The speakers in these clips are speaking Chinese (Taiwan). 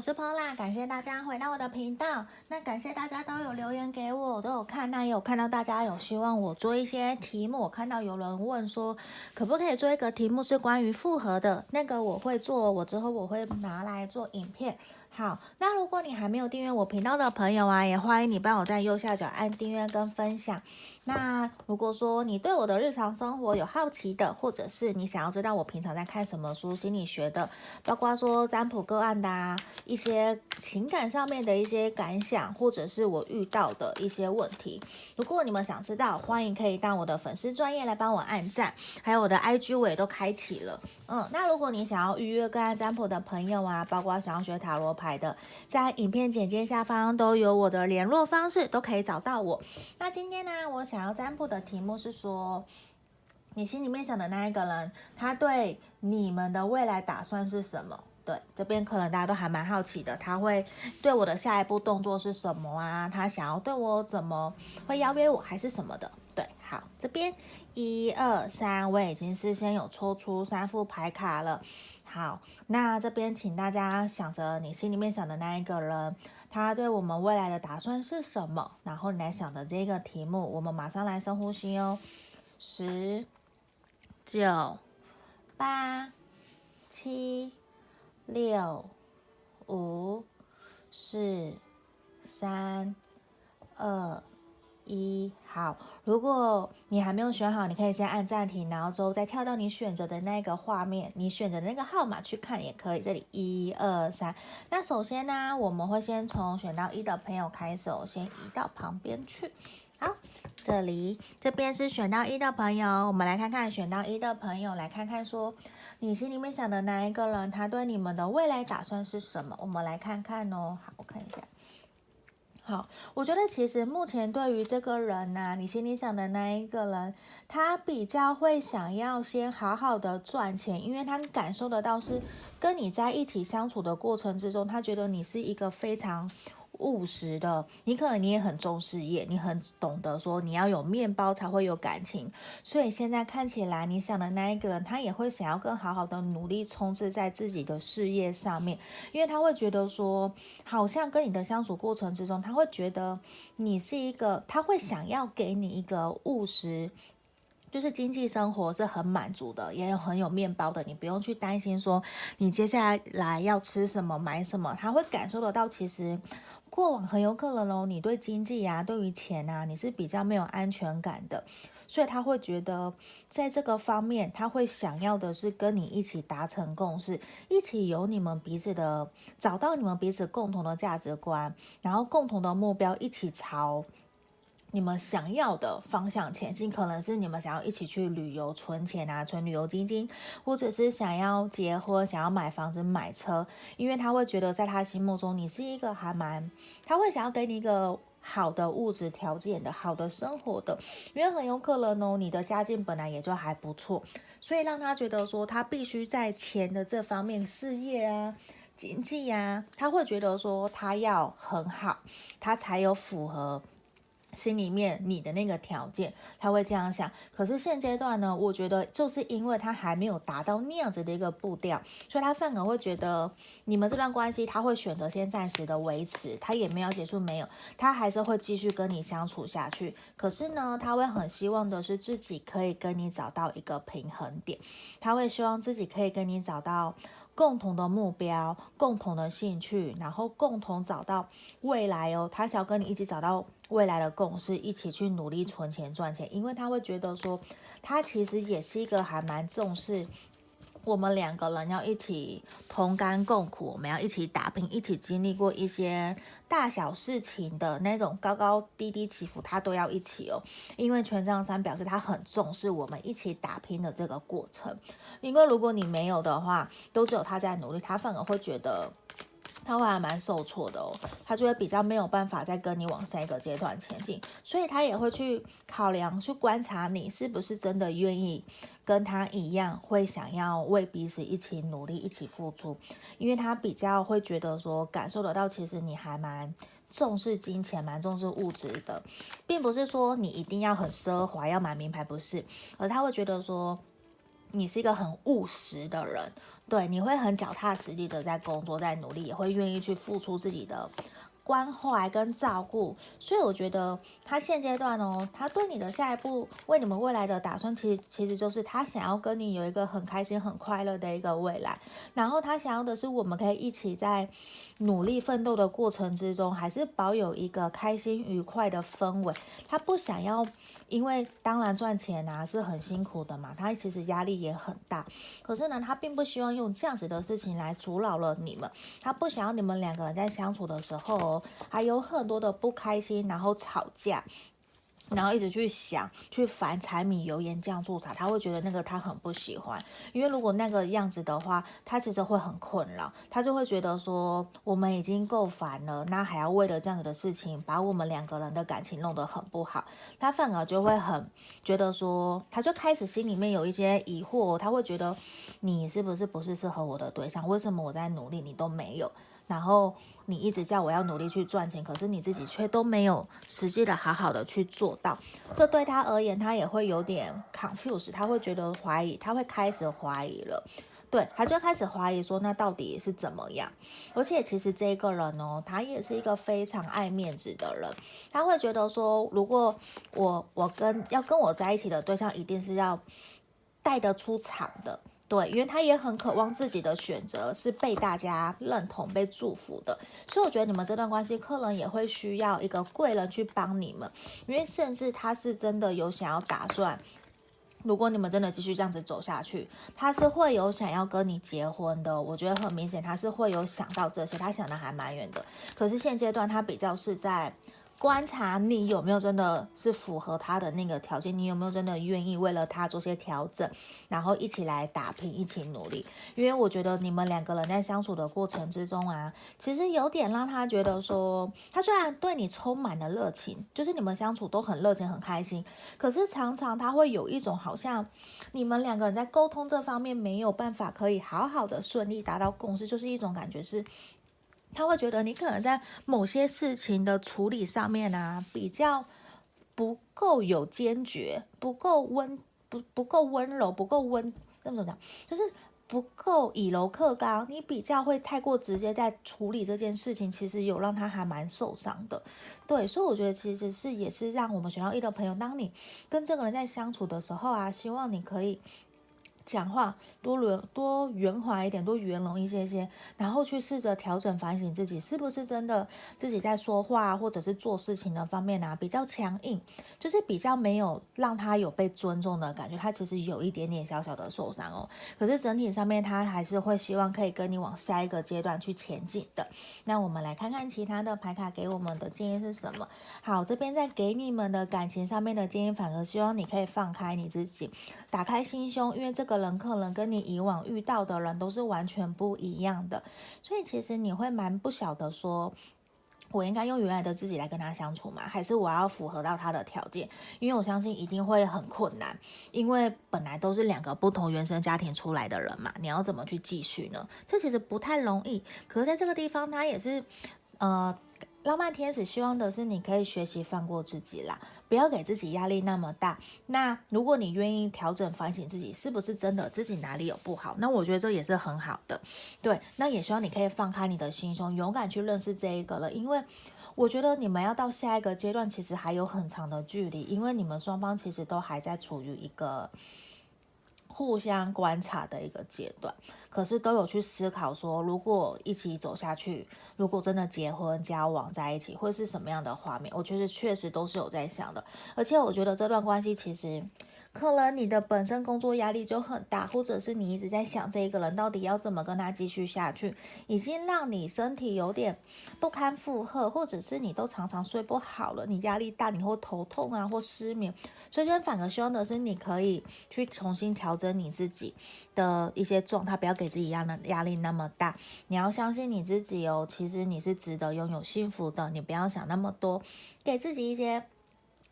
我是 Paula，感謝大家回到我的頻道。那感謝大家都有留言給我，我都有看啊，那也有看到大家有希望我做一些題目。我看到有人問說，可不可以做一個題目是關於複合的那個？我會做，我之後我會拿來做影片。好，那如果你還沒有訂閱我頻道的朋友啊，也歡迎你幫我在右下角按訂閱跟分享。那如果說你對我的日常生活有好奇的，或者是你想要知道我平常在看什麼書、心理學的，包括說占卜個案的、啊，一些情感上面的一些感想，或者是我遇到的一些問題，如果你們想知道，歡迎可以當我的粉絲專頁來幫我按贊，還有我的 IG 我也都開啟了。嗯，那如果你想要預約個案占卜的朋友啊，包括想要學塔羅牌的，在影片簡介下方都有我的聯絡方式，都可以找到我。那今天呢，我想。然後占卜的題目是說，你心裡面想的那一個人，他對你們的未來打算是什麼？對，這邊可能大家都還蠻好奇的，他會對我的下一步動作是什麼啊？他想要對我怎麼會邀約我，還是什麼的？對，好，這邊一二三，1, 2, 3, 我已經事先有抽出三副牌卡了。好，那這邊請大家想着你心裡面想的那一個人，他對我們未來的打算是什麼？然後你來想的這個題目，我們馬上來深呼吸哦，十、九、八、七、六、五、四、三、二、一，好。如果你還沒有選好，你可以先按暫停，然後之後再跳到你選擇的那個畫面，你選擇的那個號碼去看也可以。這裡一二三，那首先呢，我們會先從選到一的朋友開始，我先移到旁邊去。好，這裡這邊是選到一的朋友，我們來看看選到一的朋友，來看看說你心裡面想的哪一個人，他對你們的未來打算是什麼？我們來看看哦。好，我看一下。好，我覺得其實目前對於這個人吶，你心裡想的那一個人，他比較會想要先好好的賺錢，因為他感受得到是跟你在一起相處的過程之中，他覺得你是一個非常。務實的，你可能你也很重視事業，你很懂得說你要有麵包才會有感情，所以現在看起來你想的那一個人，他也會想要更好好的努力衝刺在自己的事業上面，因為他會覺得說，好像跟你的相處過程之中，他會覺得你是一個，他會想要給你一個務實，就是經濟生活是很滿足的，也有很有麵包的，你不用去擔心說你接下來來要吃什麼，買什麼，他會感受得到其實。過往很有可能哦，你對經濟啊，對於錢啊，你是比較沒有安全感的，所以他會覺得，在這個方面，他會想要的是跟你一起達成共識，一起有你們彼此的，找到你們彼此共同的價值觀，然後共同的目標，一起朝。你們想要的方向前進，可能是你們想要一起去旅遊、存錢啊，存旅遊基金，金，或者是想要結婚、想要買房子、買車。因為他會覺得，在他心目中，你是一個還蠻，他會想要給你一個好的物質條件的、好的生活的。因為很有可能呢，你的家境本來也就還不錯，所以讓他覺得說，他必須在錢的這方面、事業啊、經濟呀、啊，他會覺得說，他要很好，他才有符合。心裡面你的那個條件，他會這樣想。可是現階段呢，我覺得就是因為他還沒有達到那樣子的一個步調，所以他反而會覺得你們這段關係，他會選擇先暫時的維持，他也沒有結束，沒有，他還是會繼續跟你相處下去。可是呢，他會很希望的是自己可以跟你找到一個平衡點，他會希望自己可以跟你找到共同的目標、共同的興趣，然後共同找到未來哦。他想要跟你一起找到。未來的共識，一起去努力存錢賺錢，因為他會覺得說，他其實也是一個還蠻重視我們兩個人要一起同甘共苦，我們要一起打拼，一起經歷過一些大小事情的那種高高低低起伏，他都要一起哦、喔。因為權杖三表示他很重視我們一起打拼的這個過程，因為如果你沒有的話，都只有他在努力，他反而會覺得。他會還蠻受挫的哦，他就會比較沒有辦法再跟你往下一個階段前進，所以他也會去考量、去觀察你是不是真的願意跟他一樣，會想要為彼此一起努力、一起付出，因為他比較會覺得說，感受得到其實你還蠻重視金錢、蠻重視物質的，並不是說你一定要很奢華、要買名牌，不是，而他會覺得說。你是一個很務實的人，對，你會很腳踏實地的在工作，在努力，也會願意去付出自己的。關懷跟照顧，所以我覺得他現階段哦，他對你的下一步為你們未來的打算，其實其實就是他想要跟你有一個很開心、很快樂的一個未來。然後他想要的是我們可以一起在努力奮鬥的過程之中，還是保有一個開心愉快的氛圍。他不想要，因為當然賺錢啊是很辛苦的嘛，他其實壓力也很大。可是呢，他並不希望用這樣子的事情來阻撓了你們。他不想要你們兩個人在相處的時候，還有很多的不開心，然後吵架，然後一直去想，去煩柴米油鹽醬醋茶，他會覺得那個他很不喜歡，因為如果那個樣子的話，他其實會很困擾，他就會覺得說我們已經夠煩了，那還要為了這樣子的事情，把我們兩個人的感情弄得很不好，他反而就會很覺得說，他就開始心裡面有一些疑惑哦，他會覺得你是不是不是適合我的對象？為什麼我在努力，你都沒有？然後。你一直叫我要努力去賺錢，可是你自己卻都沒有實際的好好的去做到，這對他而言，他也會有點 confuse，他會覺得懷疑，他會開始懷疑了，對，他就開始懷疑說那到底是怎麼樣？而且其實這個人呢、喔，他也是一個非常愛面子的人，他會覺得說，如果我我跟要跟我在一起的對象，一定是要帶得出場的。對，因為他也很渴望自己的選擇是被大家認同、被祝福的，所以我覺得你們這段關係，客人也會需要一個貴人去幫你們，因為甚至他是真的有想要打算，如果你們真的繼續這樣子走下去，他是會有想要跟你結婚的。我覺得很明顯，他是會有想到這些，他想的還蠻遠的。可是現階段，他比較是在觀察你有沒有真的是符合他的那個條件，你有沒有真的願意為了他做些調整，然後一起來打拼，一起努力。因為我覺得你們兩個人在相處的過程之中啊，其實有點讓他覺得說，他雖然對你充滿了熱情，就是你們相處都很熱情，很開心，可是常常他會有一種好像你們兩個人在溝通這方面沒有辦法可以好好的順利達到共識，就是一種感覺是。他會覺得你可能在某些事情的處理上面啊，比較不夠有堅決，不夠溫不不夠溫柔，不夠溫那麼怎麼講？就是不夠以柔克剛。你比較會太過直接在處理這件事情，其實有讓他還蠻受傷的。對，所以我覺得其實是也是讓我們選到一的朋友，當你跟這個人在相處的時候啊，希望你可以。講話多圓多圓滑一點，多圓融一些些，然後去試着調整、反省自己，是不是真的自己在說話啊，或者是做事情的方面啊比較強硬，就是比較沒有讓他有被尊重的感覺，他其實有一點點小小的受傷哦。可是整體上面他還是會希望可以跟你往下一個階段去前進的。那我們來看看其他的牌卡給我們的建議是什麼？好，這邊在給你們的感情上面的建議，反而希望你可以放開你自己，打開心胸，因為這個。人可能跟你以往遇到的人都是完全不一樣的，所以其實你會蠻不曉得說，我應該用原來的自己來跟他相處嗎？還是我要符合到他的條件？因為我相信一定會很困難，因為本來都是兩個不同原生家庭出來的人嘛，你要怎麼去繼續呢？這其實不太容易。可是在這個地方，他也是，呃。浪漫天使希望的是，你可以學習放過自己啦，不要給自己壓力那麼大。那如果你願意調整、反省自己，是不是真的自己哪裡有不好？那我覺得這也是很好的。對，那也希望你可以放開你的心胸，勇敢去認識這一個了。因為我覺得你們要到下一個階段，其實還有很長的距離，因為你們雙方其實都還在處於一個互相觀察的一個階段。可是都有去思考說，如果一起走下去，如果真的結婚交往在一起，會是什麼樣的畫面？我覺得確實都是有在想的，而且我覺得這段關係其實。可能你的本身工作壓力就很大，或者是你一直在想這一個人到底要怎麼跟他繼續下去，已經讓你身體有點不堪負荷，或者是你都常常睡不好了，你壓力大，你會頭痛啊，或失眠。所以，說反而希望的是你可以去重新調整你自己的一些狀態，不要給自己壓的壓力那麼大。你要相信你自己哦，其實你是值得擁有幸福的，你不要想那麼多，給自己一些。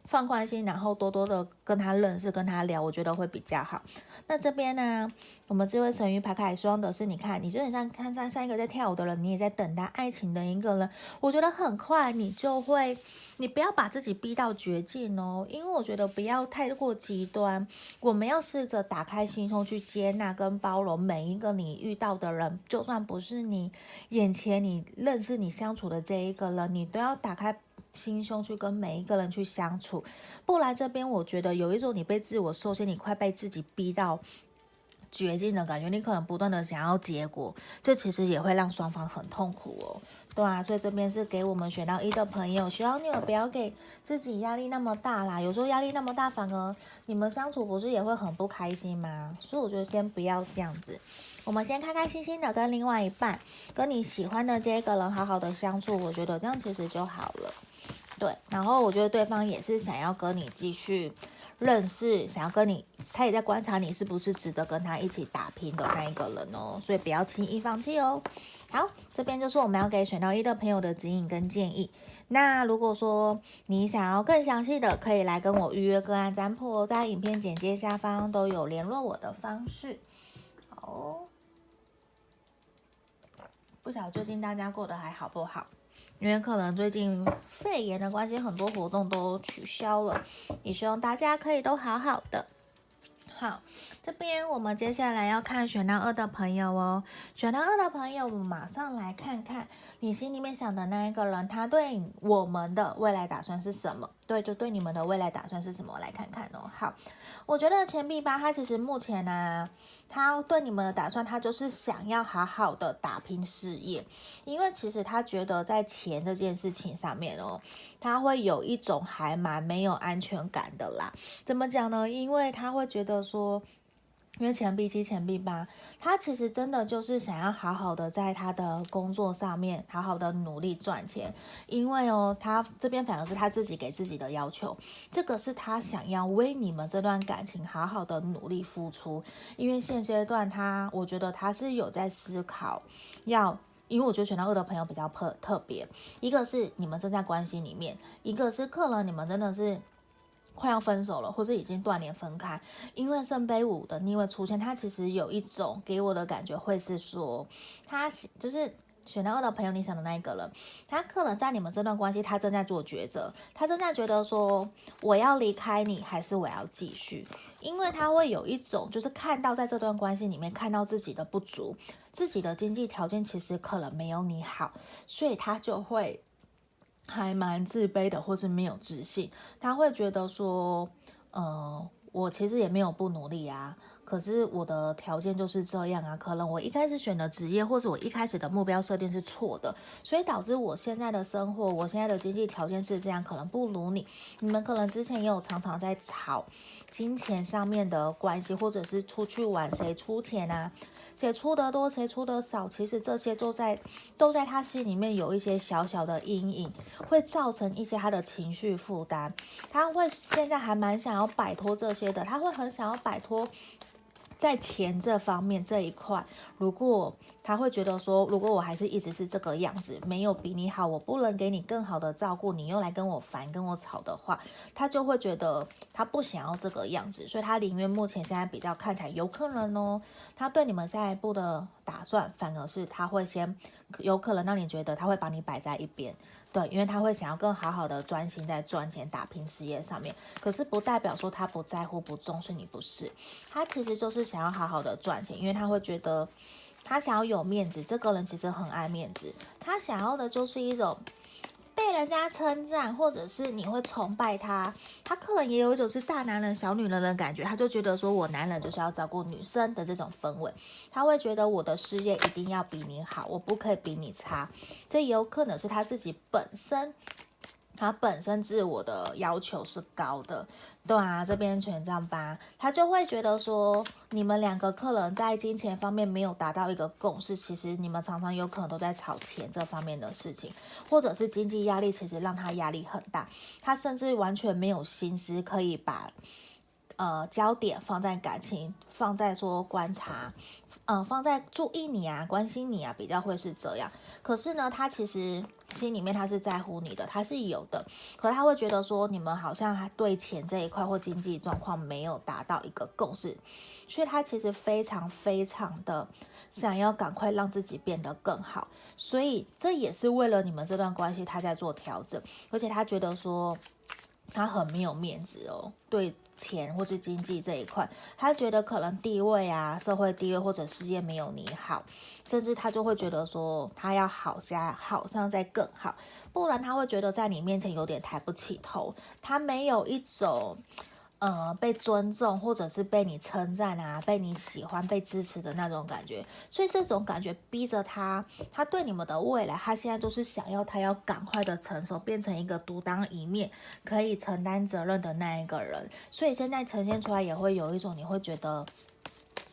放寬心，然後多多的跟他認識，跟他聊，我覺得會比較好。那這邊呢、啊，我們這位神諭牌卡也希望的是，你看，你就很像看上上一個在跳舞的人，你也在等待愛情的一個人。我覺得很快你就會，你不要把自己逼到絕境哦，因為我覺得不要太過極端，我們要試着打開心胸去接納跟包容每一個你遇到的人，就算不是你眼前你認識你相處的這一個人，你都要打開。心胸去跟每一個人去相處，不來這邊，我覺得有一種你被自我受限，你快被自己逼到絕境的感覺。你可能不斷的想要結果，這其實也會讓雙方很痛苦哦。對啊，所以這邊是給我們選到一的朋友，希望你們不要給自己壓力那麼大啦。有時候壓力那麼大，反而你們相處不是也會很不開心嗎？所以我覺得先不要這樣子，我們先開開心心的跟另外一半，跟你喜歡的這個人好好的相處，我覺得這樣其實就好了。對，然後我覺得對方也是想要跟你繼續認識，想要跟你，他也在觀察你是不是值得跟他一起打拼的那一個人哦，所以不要輕易放棄哦。好，這邊就是我們要給選到一的朋友的指引跟建議。那如果說你想要更詳細的，可以來跟我預約個案占卜，在影片簡介下方都有聯絡我的方式。好哦，不曉得最近大家過得還好不好？因為可能最近肺炎的關係，很多活動都取消了。也希望大家可以都好好的。好，這邊我們接下來要看選到二的朋友哦。選到二的朋友，我們馬上來看看你心裡面想的那一個人，他對我們的未來打算是什麼？對，就對你們的未來打算是什麼？來看看哦。好，我覺得錢幣八，它其實目前呢、啊。他對你們的打算，他就是想要好好的打拼事業，因為其實他覺得在錢這件事情上面哦，他會有一種還蠻沒有安全感的啦。怎麼講呢？因為他會覺得說。因為錢幣七、錢幣八，他其實真的就是想要好好的在他的工作上面，好好的努力賺錢。因為哦、喔，他這邊反而是他自己給自己的要求，這個是他想要為你們這段感情好好的努力付出。因為現階段他，我覺得他是有在思考，要，因為我覺得選到二的朋友比較特特別，一個是你們正在關係裡面，一個是可能你們真的是。快要分手了，或是已經斷聯分開，因為聖杯五的逆位出現，他其實有一種給我的感覺會是說，他就是選到二的朋友，你想的那一個人，他可能在你們這段關係，他正在做抉擇，他正在覺得說我要離開你還是我要繼續，因為他會有一種就是看到在這段關係裡面看到自己的不足，自己的經濟條件其實可能沒有你好，所以他就會。還蠻自卑的，或是沒有自信，他會覺得說，嗯、呃，我其實也沒有不努力啊，可是我的條件就是這樣啊，可能我一開始選的職業，或是我一開始的目標設定是錯的，所以導致我現在的生活，我現在的經濟條件是這樣，可能不如你。你們可能之前也有常常在吵金錢上面的關係，或者是出去玩誰出錢啊？誰出得多，誰出得少，其實這些都在都在他心裡面有一些小小的陰影，會造成一些他的情緒負擔。他會現在還蠻想要擺脫這些的，他會很想要擺脫。在錢這方面這一塊，如果他會覺得說，如果我還是一直是這個樣子，沒有比你好，我不能給你更好的照顧，你又來跟我煩跟我吵的話，他就會覺得他不想要這個樣子，所以他寧願目前現在比較看起來有可能哦，他對你們下一步的打算反而是他會先有可能讓你覺得他會把你擺在一邊。對，因為他會想要更好好的專心在賺錢、打拼事業上面，可是不代表說他不在乎、不重視你不是，他其實就是想要好好的賺錢，因為他會覺得他想要有面子，這個人其實很愛面子，他想要的就是一種。被人家稱讚，或者是你會崇拜他，他可能也有一種是大男人小女人的感覺，他就覺得說我男人就是要照顧女生的這種氛圍，他會覺得我的事業一定要比你好，我不可以比你差，這也有可能是他自己本身，他本身自我的要求是高的，對啊，這邊權杖八，他就會覺得說，你們兩個客人在金錢方面沒有達到一個共識，其實你們常常有可能都在吵錢這方面的事情，或者是經濟壓力，其實讓他壓力很大，他甚至完全沒有心思可以把呃焦點放在感情，放在說觀察。嗯、呃，放在注意你啊，關心你啊，比較會是這樣。可是呢，他其實心裡面他是在乎你的，他是有的。可他會覺得說，你們好像還對錢這一塊或經濟狀況沒有達到一個共識，所以他其實非常非常的想要趕快讓自己變得更好。所以這也是為了你們這段關係他在做調整，而且他覺得說他很沒有面子哦，對。錢或是經濟這一塊，他覺得可能地位啊、社會地位或者事業沒有你好，甚至他就會覺得說他要好些、好上再更好，不然他會覺得在你面前有點抬不起頭，他沒有一種。呃，被尊重或者是被你稱讚啊，被你喜歡、被支持的那種感覺，所以這種感覺逼着他，他對你們的未來，他現在都是想要他要趕快的成熟，變成一個獨當一面、可以承擔責任的那一個人，所以現在呈現出來也會有一種，你會覺得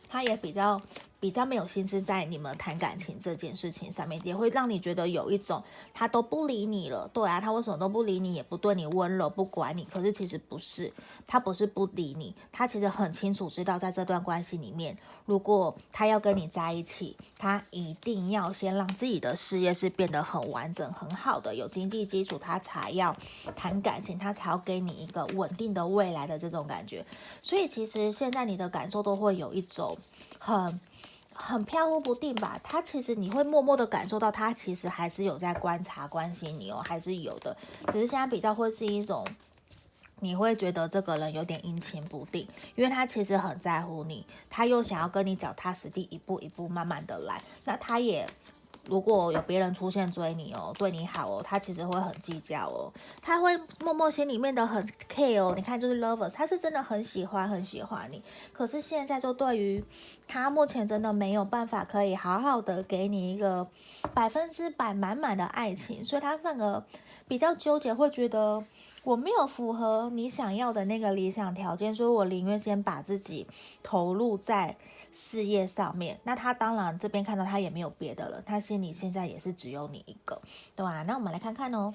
他也比較，比較沒有心思在你們談感情這件事情上面，也會讓你覺得有一種他都不理你了，對啊，他為什麼都不理你，也不對你溫柔，不管你。可是其實不是，他不是不理你，他其實很清楚知道，在這段關係裡面，如果他要跟你在一起，他一定要先讓自己的事業是變得很完整、很好的，有經濟基礎，他才要談感情，他才要給你一個穩定的未來的這種感覺。所以其實現在你的感受都會有一種。很很飄忽不定吧？他其實你會默默的感受到，他其實還是有在觀察、關心你哦，還是有的。只是現在比較會是一種，你會覺得這個人有點陰晴不定，因為他其實很在乎你，他又想要跟你腳踏實地，一步一步慢慢的來。那他也。如果有別人出現追你哦、喔，對你好哦、喔，他其實會很計較哦、喔，他會默默心裡面的很 care 哦、喔。你看，就是 lovers，他是真的很喜歡很喜歡你，可是現在就對於他目前真的沒有辦法可以好好的給你一個百分之百滿滿的愛情，所以他反而比較糾結，會覺得。我沒有符合你想要的那個理想條件，所以我寧願先把自己投入在事業上面。那他當然這邊看到他也沒有別的了，他心裡現在也是只有你一個，對吧、啊？那我們來看看哦、喔，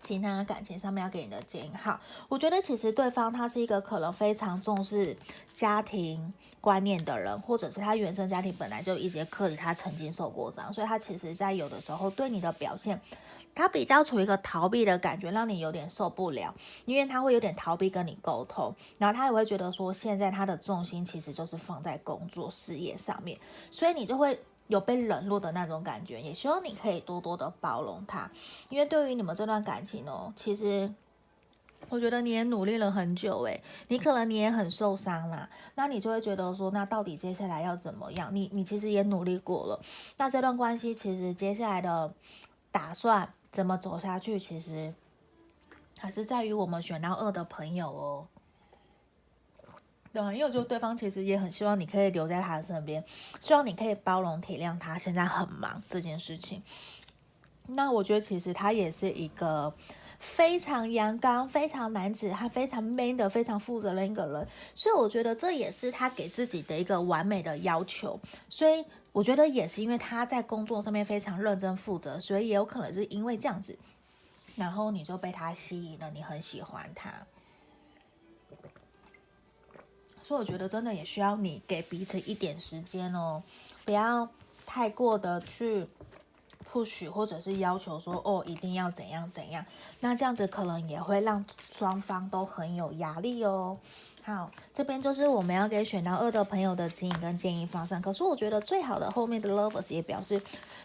其他感情上面要給你的建議。好，我覺得其實對方他是一個可能非常重視家庭觀念的人，或者是他原生家庭本來就一節課裡他曾經受過傷，所以他其實在有的時候對你的表現。他比較處於一個逃避的感覺，讓你有點受不了，因為他會有點逃避跟你溝通，然後他也會覺得說現在他的重心其實就是放在工作事業上面，所以你就會有被冷落的那種感覺。也希望你可以多多的包容他，因為對於你們這段感情哦、喔，其實我覺得你也努力了很久、欸，誒，你可能你也很受傷啦，那你就會覺得說，那到底接下來要怎麼樣？你你其實也努力過了，那這段關係其實接下來的打算，怎麼走下去？其實還是在於我們選到二的朋友哦。對啊，因為就對方其實也很希望你可以留在他的身邊，希望你可以包容、體諒他現在很忙這件事情。那我覺得其實他也是一個非常陽剛、非常男子漢、非常 man 的、非常負責的一個人，所以我覺得這也是他給自己的一個完美的要求。所以。我覺得也是因為他在工作上面非常認真負責，所以也有可能是因為這樣子，然後你就被他吸引了，你很喜歡他。所以我覺得真的也需要你給彼此一點時間哦，不要太過的去，push 或者是要求說哦一定要怎樣怎樣，那這樣子可能也會讓雙方都很有壓力哦。好，這邊就是我們要給選到二的朋友的指引跟建議方向。可是我覺得最好的後面的 lovers 也表示，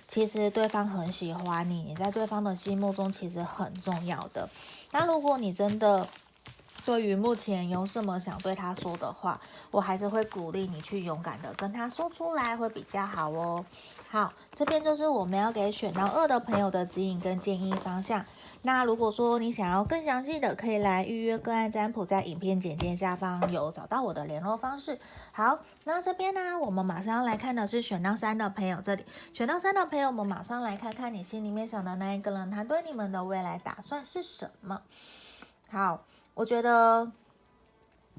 其實對方很喜歡你，你在對方的心目中其實很重要的。那如果你真的對於目前有什麼想對他說的話，我還是會鼓勵你去勇敢的跟他說出來，會比較好哦。好，這邊就是我們要給選到二的朋友的指引跟建議方向。那如果說你想要更詳細的，可以來預約個案占卜，在影片簡介下方有找到我的聯絡方式。好，那這邊呢，啊，我們馬上要來看的是選到三的朋友這裡。選到三的朋友，我們馬上來看看你心裡面想的那一個人，他對你們的未來打算是什麼？好，我覺得。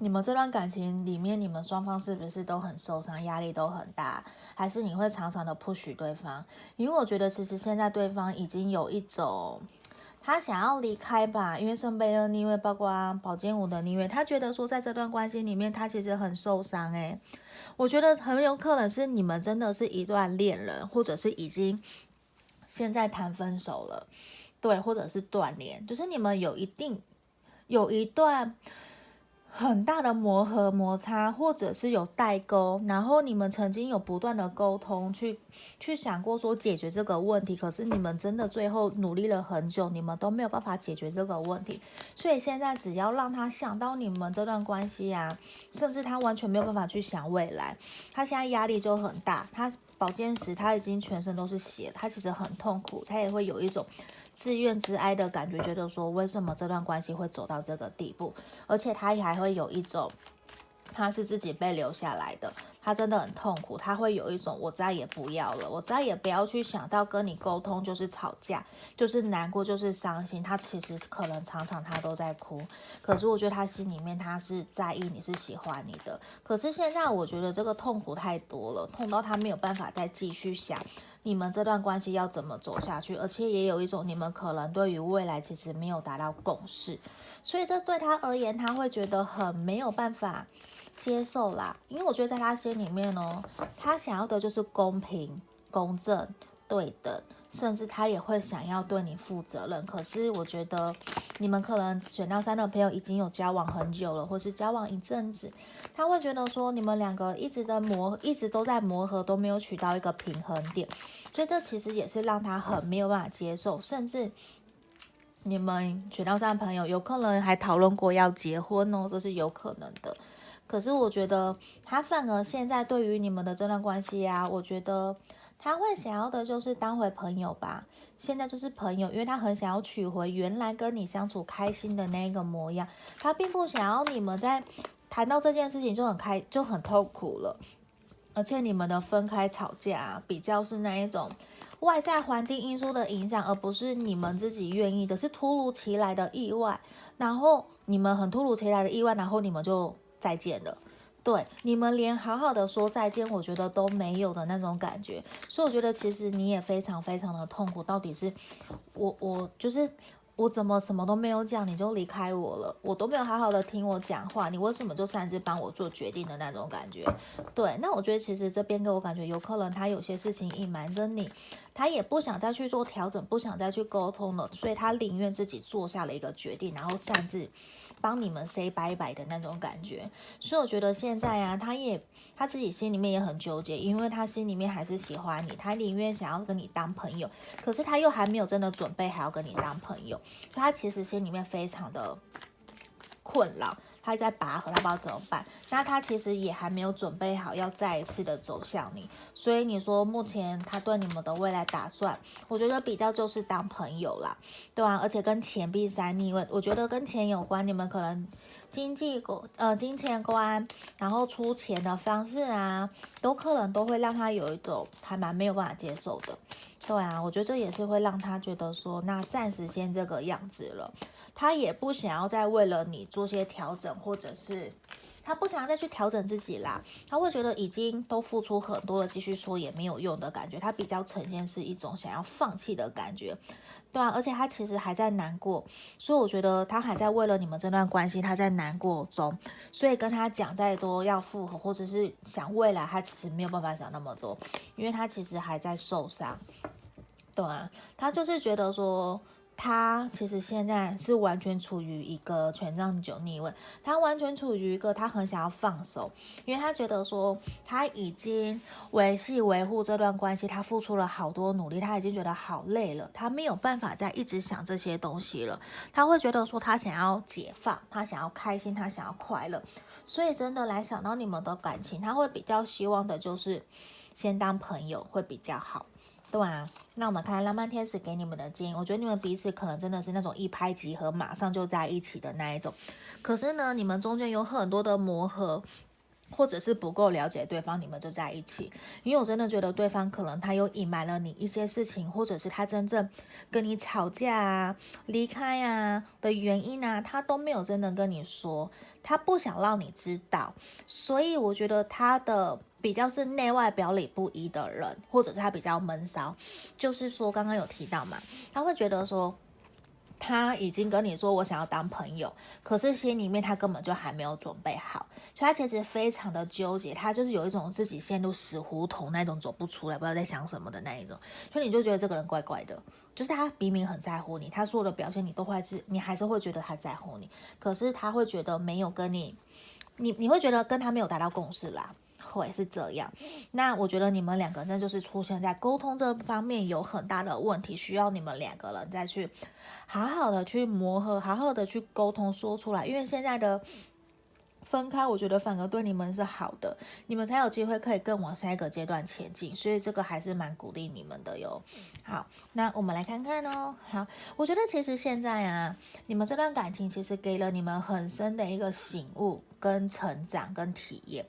你們這段感情裡面，你們雙方是不是都很受傷，壓力都很大？還是你會常常的 push 對方？因為我覺得，其實現在對方已經有一種他想要離開吧，因為聖杯二逆位，包括寶劍五的逆位，他覺得說，在這段關係裡面，他其實很受傷欸。誒，我覺得很有可能是你們真的是一段戀人，或者是已經現在談分手了，對，或者是斷聯，就是你們有一定有一段。很大的磨合摩擦，或者是有代溝，然後你們曾經有不斷的溝通，去去想過說解決這個問題，可是你們真的最後努力了很久，你們都沒有辦法解決這個問題。所以現在只要讓他想到你們這段關係呀、啊，甚至他完全沒有辦法去想未來，他現在壓力就很大。他寶劍十，他已經全身都是血，他其實很痛苦，他也會有一種。自怨自哀的感覺，覺得說為什麼這段關係會走到這個地步，而且他也還會有一種，他是自己被留下來的，他真的很痛苦，他會有一種我再也不要了，我再也不要去想到跟你溝通就是吵架，就是難過，就是傷心。他其實可能常常他都在哭，可是我覺得他心裡面他是在意你是喜歡你的，可是現在我覺得這個痛苦太多了，痛到他沒有辦法再繼續想。你們這段關係要怎麼走下去？而且也有一種，你們可能對於未來其實沒有達到共識，所以這對他而言，他會覺得很沒有辦法接受啦。因為我覺得在他心裡面呢，他想要的就是公平、公正、對等，甚至他也會想要對你負責任。可是我覺得。你們可能選到三的朋友已經有交往很久了，或是交往一陣子，他會覺得說你們兩個一直的磨，一直都在磨合，都沒有取到一個平衡點，所以這其實也是讓他很沒有辦法接受，甚至你們選到三的朋友有可能還討論過要結婚哦，這是有可能的。可是我覺得他反而現在對於你們的這段關係呀、啊，我覺得他會想要的就是當回朋友吧。現在就是朋友，因為他很想要取回原來跟你相處開心的那一個模樣，他並不想要你們在談到這件事情就很開，就很痛苦了。而且你們的分開吵架啊，比較是那一種外在環境因素的影響，而不是你們自己願意的，是突如其來的意外。然後你們很突如其來的意外，然後你們就再見了。對，你們連好好的說再見，我覺得都沒有的那種感覺，所以我覺得其實你也非常非常的痛苦。到底是我，我就是我怎麼什麼都沒有講，你就離開我了？我都沒有好好的聽我講話，你為什麼就擅自幫我做決定的那種感覺？對，那我覺得其實這邊給我感覺，有可能他有些事情隱瞞着你，他也不想再去做調整，不想再去溝通了，所以他寧願自己做下了一個決定，然後擅自。幫你們 say bye bye 的那種感覺，所以我覺得現在啊，他也他自己心裡面也很糾結，因為他心裡面還是喜歡你，他寧願想要跟你當朋友，可是他又還沒有真的準備還要跟你當朋友，所以他其實心裡面非常的困擾。他在拔河，不知道怎麼辦？那他其實也還沒有準備好要再一次的走向你，所以你說目前他對你們的未來打算，我覺得比較就是當朋友啦，對吧，啊？而且跟錢幣三逆位，我覺得跟錢有關，你們可能經濟呃、金錢觀，然後出錢的方式啊，都可能都會讓他有一種還蠻沒有辦法接受的，對啊，我覺得這也是會讓他覺得說，那暫時先這個樣子了。他也不想要再為了你做些調整，或者是他不想要再去調整自己啦。他會覺得已經都付出很多了，繼續說也沒有用的感覺。他比較呈現是一種想要放棄的感覺，對啊。而且他其實還在難過，所以我覺得他還在為了你們這段關係，他在難過中。所以跟他講再多要復合，或者是想未來，他其實沒有辦法想那麼多，因為他其實還在受傷。對啊，他就是覺得說。他其實現在是完全處於一個權杖九逆位，他完全處於一個他很想要放手，因為他覺得說他已經維繫維護這段關係，他付出了好多努力，他已經覺得好累了，他沒有辦法再一直想這些東西了。他會覺得說他想要解放，他想要開心，他想要快樂。所以真的來想到你們的感情，他會比較希望的就是先當朋友會比較好。對啊，那我們看浪漫天使給你們的建議，我覺得你們彼此可能真的是那種一拍即合，馬上就在一起的那一種。可是呢，你們中間有很多的磨合，或者是不夠了解對方，你們就在一起。因為我真的覺得對方可能他又隱瞞了你一些事情，或者是他真正跟你吵架啊、離開啊的原因啊，他都沒有真的跟你說，他不想讓你知道。所以我覺得他的比較是內外表裡不一的人，或者是他比較悶騷，就是說剛剛有提到嘛，他會覺得說他已經跟你說我想要當朋友，可是心裡面他根本就還沒有準備好，所以他其實非常的糾結，他就是有一種自己陷入死胡同那種走不出來，不知道在想什麼的那一種，所以你就覺得這個人怪怪的，就是他明明很在乎你，他所有的表現你都會是，你還是會覺得他在乎你，可是他會覺得沒有跟你，你你會覺得跟他沒有達到共識啦。會是這樣，那我覺得你們兩個人就是出現在溝通這方面有很大的問題，需要你們兩個人再去好好的去磨合，好好的去溝通說出來。因為現在的分開，我覺得反而對你們是好的，你們才有機會可以更往下一個階段前進。所以這個還是蠻鼓勵你們的喲。好，那我們來看看喔。好，我覺得其實現在啊，你們這段感情其實給了你們很深的一個醒悟，跟成長，跟體驗。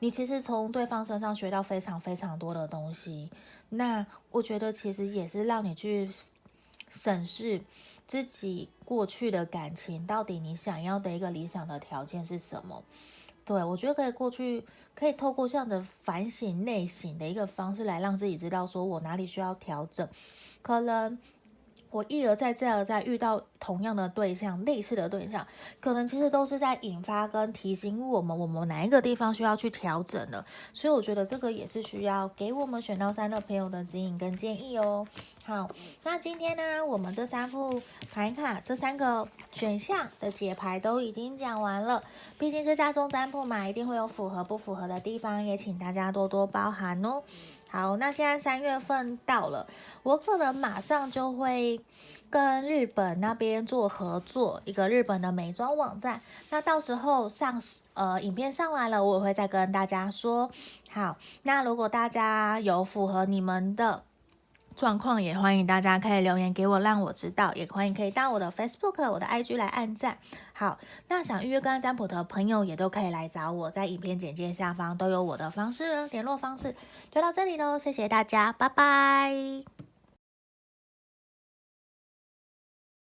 你其實從對方身上學到非常非常多的東西，那我覺得其實也是讓你去審視自己過去的感情，到底你想要的一個理想的條件是什麼？對，我覺得可以過去，可以透過這樣的反省內省的一個方式來讓自己知道，說我哪裡需要調整，可能。我一而再，再而再遇到同樣的對象，類似的對象，可能其實都是在引發跟提醒我們，我們哪一個地方需要去調整的。所以我覺得這個也是需要給我們選到三的朋友的指引跟建議哦。好，那今天呢，我們這三副牌卡，這三個選項的解牌都已經講完了。畢竟是大眾占卜嘛，一定會有符合不符合的地方，也請大家多多包涵哦。好，那現在三月份到了，我可能馬上就會跟日本那邊做合作，一個日本的美妝網站。那到時候上呃影片，上完了，我也會再跟大家說。好，那如果大家有符合你們的狀況，也歡迎大家可以留言給我，讓我知道。也歡迎可以到我的 Facebook、我的 IG 來按讚。好，那想預約跟占卜的朋友也都可以來找我，在影片簡介下方都有我的方式，聯絡方式就到這裡嘍，謝謝大家，拜拜。